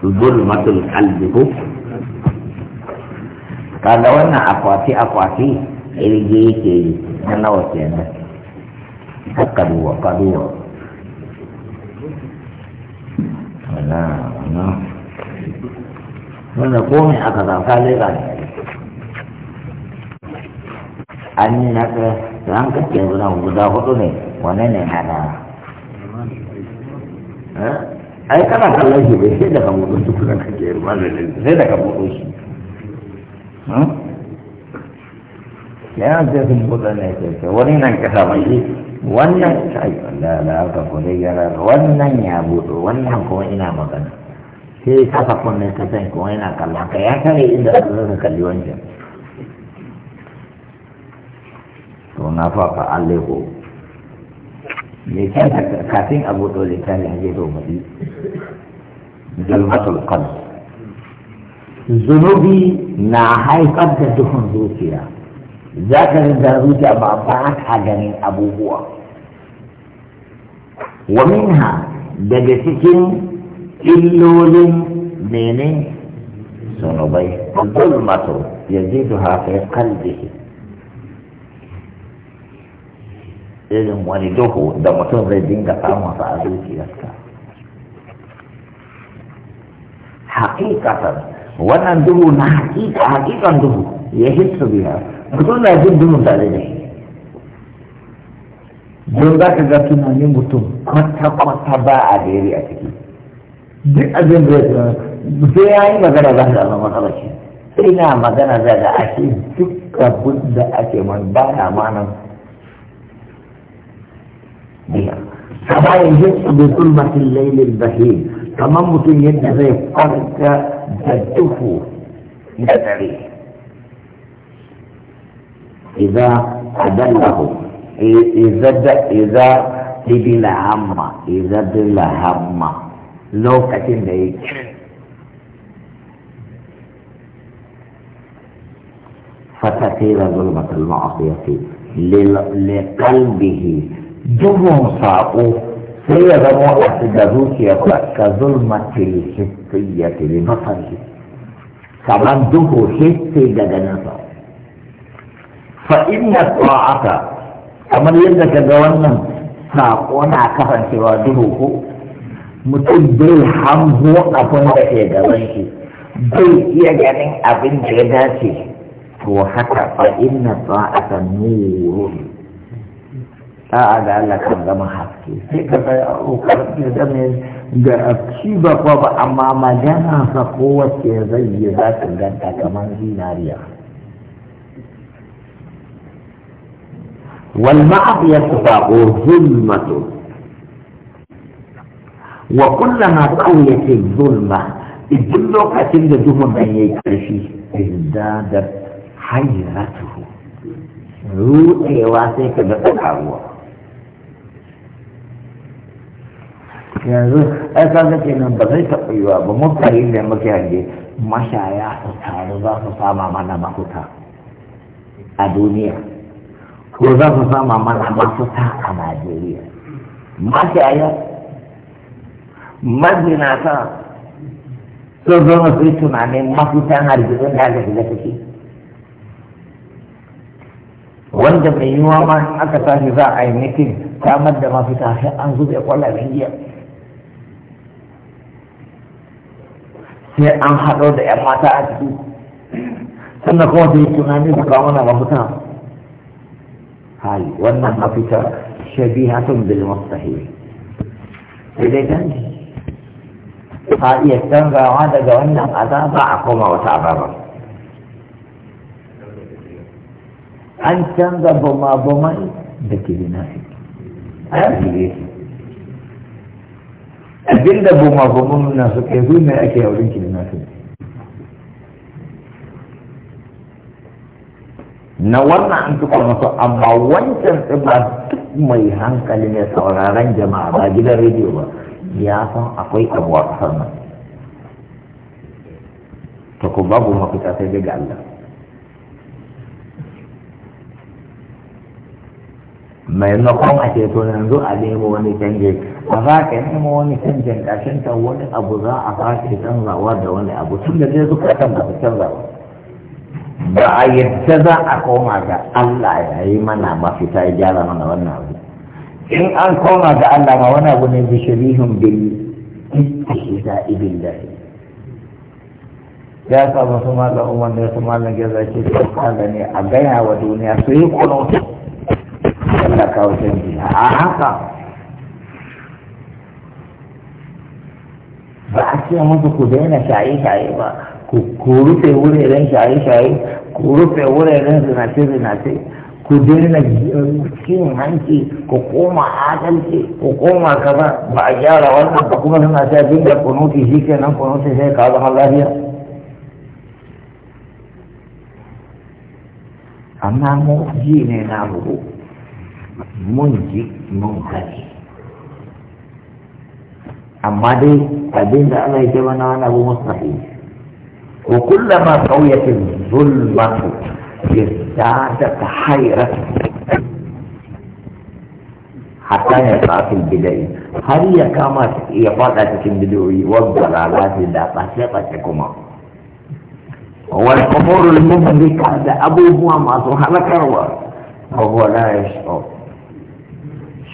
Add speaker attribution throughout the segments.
Speaker 1: zulmatul qalbi kaga wannan akwati akwati irge yake yi na nawa kenan kaduwa kaduwa wala wala wanda komai aka zafa lera ne an yi na ka da hankali guda hudu ne wane ne hada ai kana kallon shi bai sai daga mudun su kusan kake ruwa da sai daga mutu shi yana da sun buɗe ne kai wani nan kasa mai shi wannan sai da da aka kore gara wannan ya buɗo wannan kuma ina magana sai kasa kunne ta san kuma ina kallon ka ya kare inda ka kalli wancan to na fa ka alle ko kafin a buɗo littafin zai zo mafi zulmatul kwan zunubi na haifar da duhun zuciya za ka rinda zuciya ba ba ka ganin abubuwa wa minha daga cikin illolin mene zunubai zulmatul duhafa hafi qalbihi irin wani duhu da mutum zai dinga samun a zuciyarsa hakikatan wannan duhu na hakika hakikan duhu ya hissu biya mutum na jin duhun tare da shi don za ka ga tunanin mutum kwata-kwata ba a jere a ciki duk abin da ya sai ya yi magana za ka zama matsala shi ina magana za ga ake duk abin da ake man ba na manan بها كما بظلمة الليل البهيم كما اليد زي قرد تدفو يدري إذا أدله إذا إذا دل همة إذا دل همة لو كتن ده ظلمة المعصية لقلبه dubun saƙo sai ya zama a shiga zuciya ka zulma tilisiya tili mafarki kamar duhu shi da ganin sa fa inna ta'ata kamar yadda ka ga wannan saƙo na kasancewa duhu ko mutum bai hango abin da ke gaban shi bai iya ganin abin da ya dace to haka fa inna ta'ata nurun a'a da Allah kan zama haske sai ka ga karfe da mai da ci ba ko ba amma magana sa wace zai yi za ta ganta kamar zinariya wal ma'afiyar ko zulmatu wa kullama qawlati zulma idan lokacin da duhun nan yayi karfi izdadat hayratuhu ruɗewa sai ka ga ruwa yanzu ai ka ga kenan ba zai taɓa yi ba mu kai ne muke hange mashaya su taru za su sama mana mafuta a duniya ko za su sama mana mafuta a najeriya mashaya mazinata sun zama su yi tunanin har hargitsin da aka shiga ciki wanda mai yiwuwa ma aka tashi za a yi mitin samar da mafita sai an zube kwallaben jiya? sai an haɗo da ‘yan mata a ciki sannan kuma sai tunani su kawo mana mafuta hali wannan mafita shabihatun bil mustahi sai dai canji ta iya canzawa daga wannan azaba a koma wata azaba an canza bama-bamai da ke a yi abinda buma bumun na su kai su ne ake yaurin kidnapping na wannan an tuka masu amma wancan tsiba duk mai hankali ne sauraron jama'a ba gidan rediyo ba ya san akwai abu a kasar nan ta ku babu mafita sai daga Allah maimakon a ceto yanzu a nemo wani canje a za ka ma wani canjin ƙarshen ta wani abu za a ka canzawa da wani abu tun da zai zuka kan ba su canzawa ba a yadda za a koma ga Allah ya yi mana mafita ya gyara mana wannan abu in an koma ga Allah ma wani abu ne bishirihun bil ittihida ibillahi ya sa masu malam umar da su malam gaza ce su kada ne a gaya wa duniya su yi kuno Allah kawo canji a haka a ce musu ku daina shaye-shaye ba ku rufe wuraren shaye-shaye ku rufe wuraren zinace-zinace ku daina eh, cin hanci ku koma adalci ku koma kaza ba a gyara wannan ba kuma suna ta dinga kunuti shi kenan kunuti sai ka zama lafiya amma mu ji ne na bugu mun ji mun gani amma dai abin da Allah yake mana wani abu mustahi wa kullama qawiyat zulmatu yazdadat hayratu hatta ya tsafi bidai har ya kama ya fada cikin bidiyoyi wadda lalata da ɓace ɓace kuma wal umurul muhlika da abubuwa masu halakarwa wa huwa la yash'ur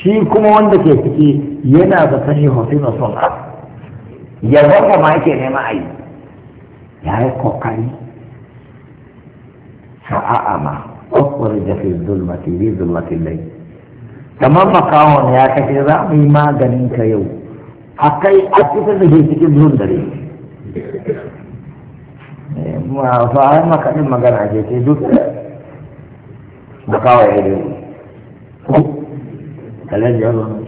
Speaker 1: shi kuma wanda ke ciki yana da sani husina suna ya zama ma yake nema a yi ya yi kokari sa'a ma kwakwar da fi zulmati bi zulmati lai kamar makawon ya kashe za mu yi maganin ka yau a kai a cikin da ke cikin zuwan dare eh, fa'ar makaɗin magana ce ce duk da kawai ya dai kalar yaro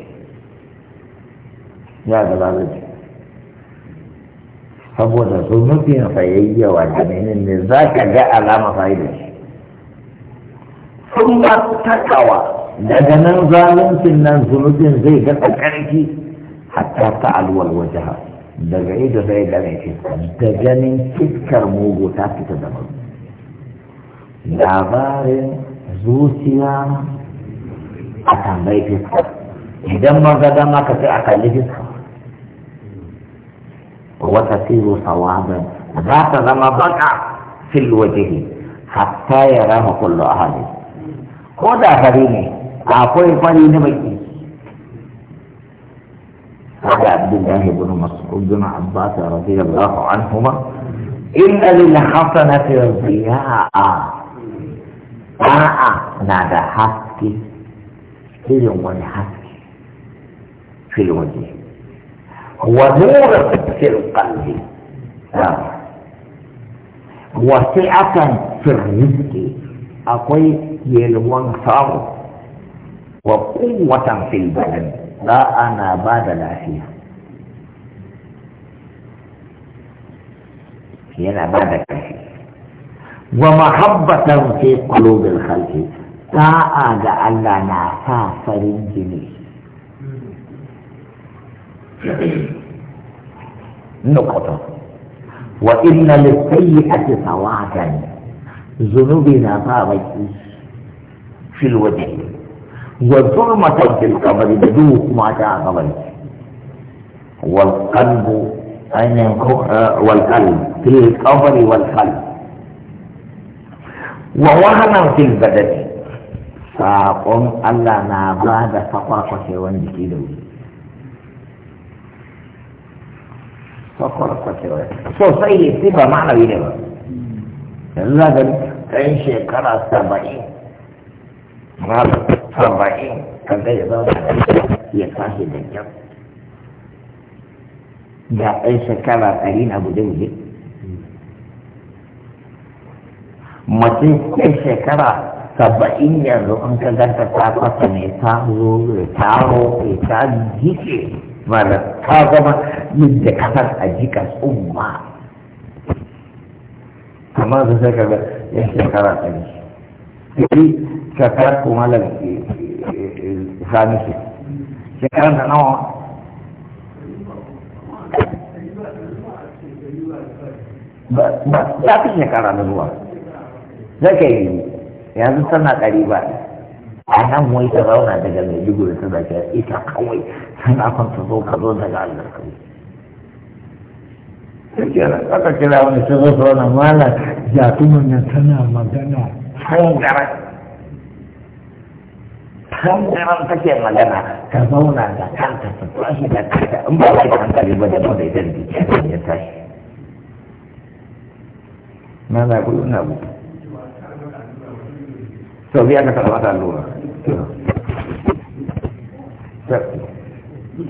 Speaker 1: ya ga lalace saboda su nufin sayayya wa jami'in ne za ka ga alama fa'ida sun ba takawa daga nan zaluncin nan zunubin zai ga ƙarfi hatta ta alwal wajaha daga ido zai gane fiska da ganin fiskar mugu ta fita da mu labarin zuciya a tambayi fiska idan ma dama ka sai a kalli وتسير صوابا ذات رمضان في الوجه حتى يراه كل أهل خذ فريني أقول فريني نبيك قال عبد الله بن مسعود بن عباس رضي الله عنهما إن للحسنة ضياء ضاء نادى حسكي إلى حسكي في الوجه ونور في القلب وسعة في الرزق أقوي يلوان صار وقوة في البدن لا أنا بعد العافية yana ba da wa mahabbatan fi qulubil khalqi ta'a ga Allah na sa farin jini نقطة وإن للسيئة سوادا ذنوبنا طابت في الوجه وظلمة في القبر بدوك ما جاء والقلب أن والقلب في القبر والقلب ووهنا في البدن ساقم ألا ما بعد وانجكي دولي kwakwarkwacewa sosai sai ba ma'anawi ne ba yanzu za ga ɗan shekara saba'in malam saba'in kan zai zauna ya tashi da kyau da ɗan shekara ɗari na guje-guje mace ɗan shekara saba'in yanzu an ka ganta ta kwasa mai ta zo ta ro ta jike mana ka zama min da kasar a jika tsumma amma da sai ka ga ya shekara ɗari ɗari shekara kuma da eh, eh, eh, sami shi shekara da nawa ba fi shekara da zuwa zai ka yi yanzu tana kariba ba a nan wai ta zauna daga mai dugu da ta zafi ita kawai tana son ta zo ka zo daga Allah kai aka kira wani sai zo su wani mala jatumin nan tana magana hangaran hangaran take magana ka zauna da kanta ta tashi da kanta in ba ka hankali ba da ba da idan jikin ya tashi na za ku ina bu sau biya ka karɓa ta allura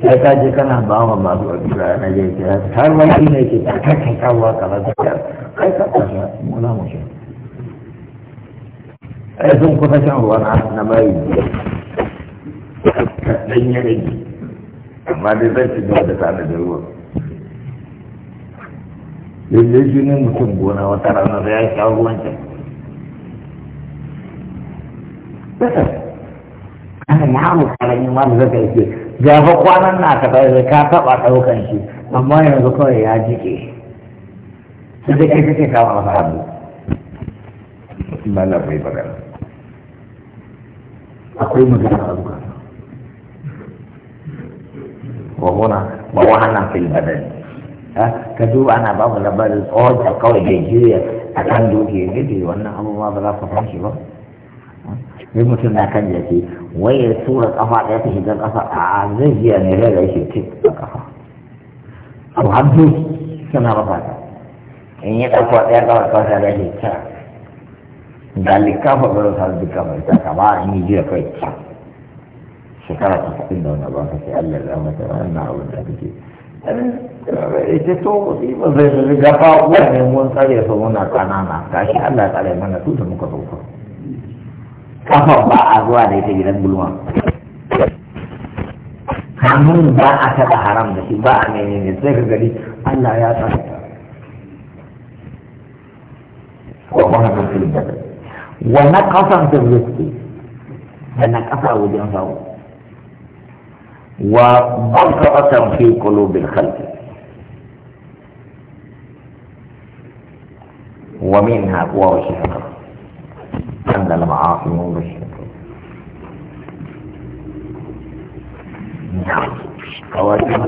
Speaker 1: sai ka je kana ba wa masu ƙwaƙira na je kira har wani shi ne ke takakin kawo kamar da kyar kai ka kwashe muna mushe ai sun kusa shan ruwa na bayi kaɗan ya rage amma dai zai ci gaba da tare da ruwa lalle shi ne mutum gona wata rana da ya yi shan ruwan can ana yaro karamin wanda zaka yi ga kwana kwanan na ka da ka taba daukan shi amma yanzu kawai ya jike kai kake kawo bai akwai magana a zuka wa ba fil badani ka duba ana babu labarin tsohon kawai da jiya a kan wannan abubuwa ba za ka fanshi ba sai mutum na kan jaki wai ya tura kafa ɗaya ta shigar ƙasa a zai jiya ne rai da yake cik a ƙasa to hannu suna masa ta in yi ɗauka ɗaya ƙafa ƙasa da yake ta ga likafa ba da sarar duka mai ta kama in yi jiya kai ta shekara ta faɗin da wani ba ka sai Allah ya mata wannan abin da kake ita to ba zai gafa wani mun tsare su muna ƙanana gashi Allah ya tsare mana su muka zo kafa ba a zuwa da ita gidan gulma hannun ba a taɓa haram da shi ba a menene sai ka gari Allah ya sa wa mahadin filibbar wa na kasan firliski da na kasa wajen samu wa banka kasan fi kulubin khalqi wa minha wa shahara على المعاصي مبشر